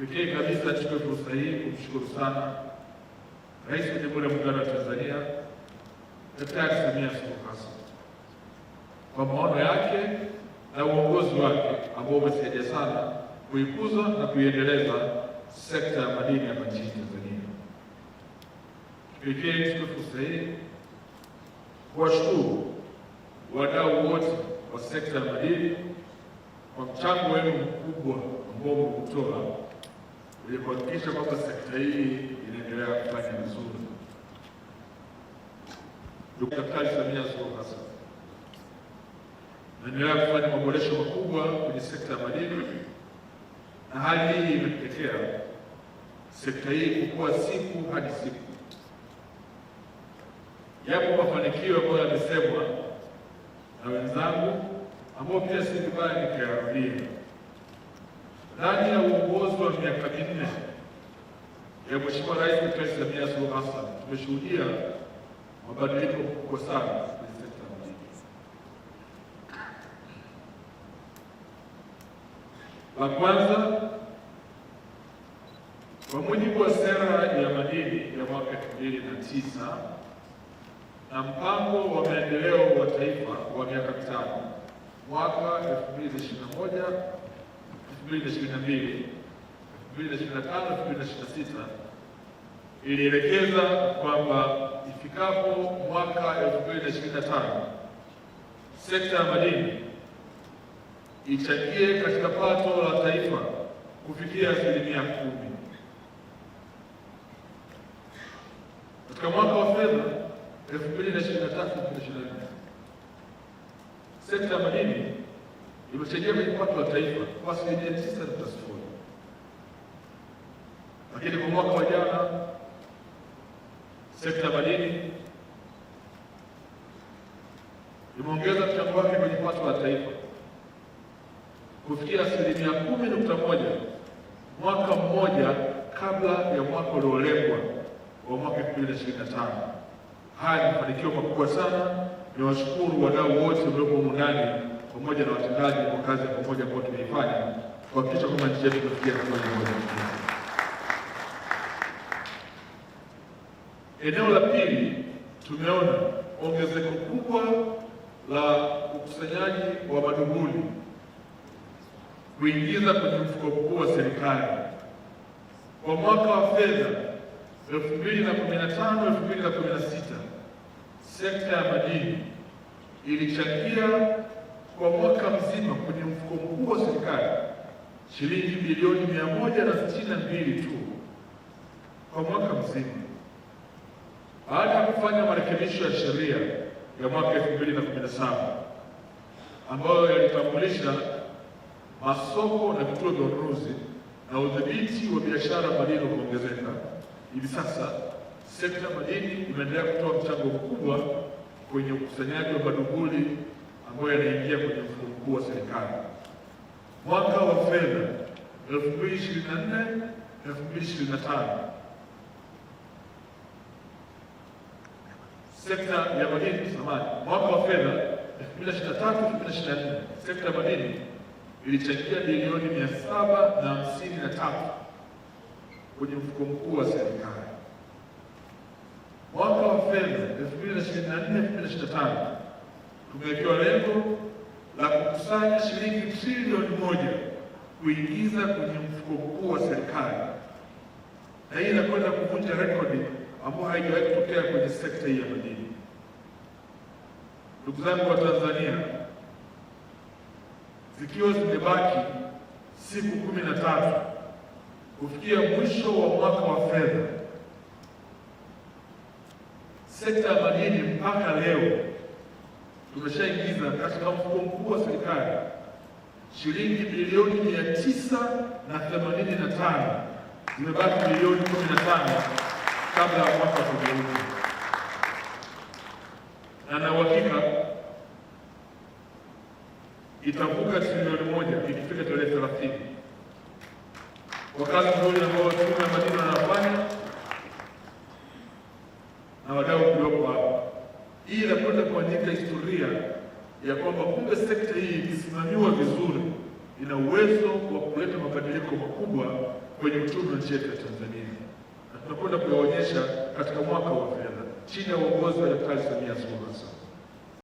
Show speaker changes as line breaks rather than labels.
Pekee kabisa nichukue fursa hii kumshukuru sana Rais wa Jamhuri ya Muungano wa Tanzania Daktari Samia Suluhu Hassan kwa maono yake na uongozi wake ambao umesaidia sana kuikuza na kuiendeleza sekta ya madini hapa nchini Tanzania. Pekee nichukue fursa hii kuwashukuru wadau wote wa sekta ya madini kwa mchango wenu mkubwa ambao mmeutoa ili kuhakikisha kwamba sekta hii inaendelea kufanya vizuri. Ndugu Daktari Samia Suluhu Hassan naendelea kufanya maboresho makubwa kwenye sekta ya madini, na hali hii imepelekea sekta hii kukua siku hadi siku. Yapo mafanikio ambayo yamesemwa na wenzangu ambao pia si vibaya nikayarudia ndani ya uongozi wa miaka minne ya Mheshimiwa Rais Daktari Samia Suluhu Hassan tumeshuhudia mabadiliko makubwa sana kwenye sekta ya madini. La kwanza, kwa mujibu wa sera ya madini ya mwaka elfu mbili na tisa na mpango wa maendeleo wa taifa wa miaka mitano mwaka elfu mbili na ishirini na moja ilielekeza kwamba ifikapo mwaka 2025 sekta ya madini ichangie katika pato la taifa kufikia asilimia kumi. Katika mwaka wa fedha na 2024 sekta ya madini imesaidia kwenye pato la taifa kwa asilimia tisa nukta sifuri, lakini kwa mwaka wa jana sekta madini imeongeza mchango wake kwenye pato la taifa kufikia asilimia kumi nukta moja mwaka mmoja kabla ya mwaka uliolengwa wa mwaka elfu mbili na ishirini na tano. Haya ni mafanikio makubwa sana. Niwashukuru wadau wote walioko humu ndani pamoja na watendaji kwa kazi ya pamoja ambayo tumeifanya kuhakikisha kwamba nchi yetu imefikia hatua moja. Eneo la pili, tumeona ongezeko kubwa la ukusanyaji wa maduhuli kuingiza kwenye mfuko mkuu wa serikali kwa mwaka wa fedha 2015 2016 sekta ya madini ilichangia kwa mwaka mzima kwenye mfuko mkuu wa serikali shilingi bilioni mia moja na sitini na mbili tu kwa mwaka mzima. Baada ya kufanya marekebisho ya sheria ya mwaka elfu mbili na kumi na saba ambayo yalitambulisha masoko na vituo vya ununuzi na udhibiti wa biashara madini kuongezeka, hivi sasa sekta madini imeendelea kutoa mchango mkubwa kwenye ukusanyaji wa maduguli ambayo yanaingia kwenye mfuko mkuu wa serikali. Mwaka wa fedha 2024 2025 sekta ya madini samani, mwaka wa fedha 2023 2024 sekta ya madini ilichangia bilioni mia saba na hamsini na tatu kwenye mfuko mkuu wa serikali. Mwaka wa fedha 2024 2025 tumewekewa lengo la kukusanya shilingi trilioni moja kuingiza kwenye mfuko mkuu wa serikali, na hii inakwenda kuvunja rekodi ambayo haijawahi kutokea kwenye sekta hii ya madini. Ndugu zangu wa Tanzania, zikiwa zimebaki siku kumi na tatu kufikia mwisho wa mwaka wa fedha, sekta ya madini mpaka leo tumeshaingiza katika mfuko mkuu wa serikali shilingi bilioni mia tisa na themanini na tano zimebaki bilioni kumi na tano kabla ya mwaka kugeuka, na na uhakika itavuka trilioni moja ikifika tarehe thelathini kwa kazi nzuri ambao Tume ya Madini wanafanya na wadau kuliopo hii inakwenda kuandika historia ya kwamba kumbe sekta hii ikisimamiwa vizuri ina uwezo wa kuleta mabadiliko makubwa kwenye uchumi wa nchi yetu ya Tanzania, na tunakwenda kuyaonyesha katika mwaka wa fedha chini ya uongozi wa Daktari Samia Suluhu Hassan.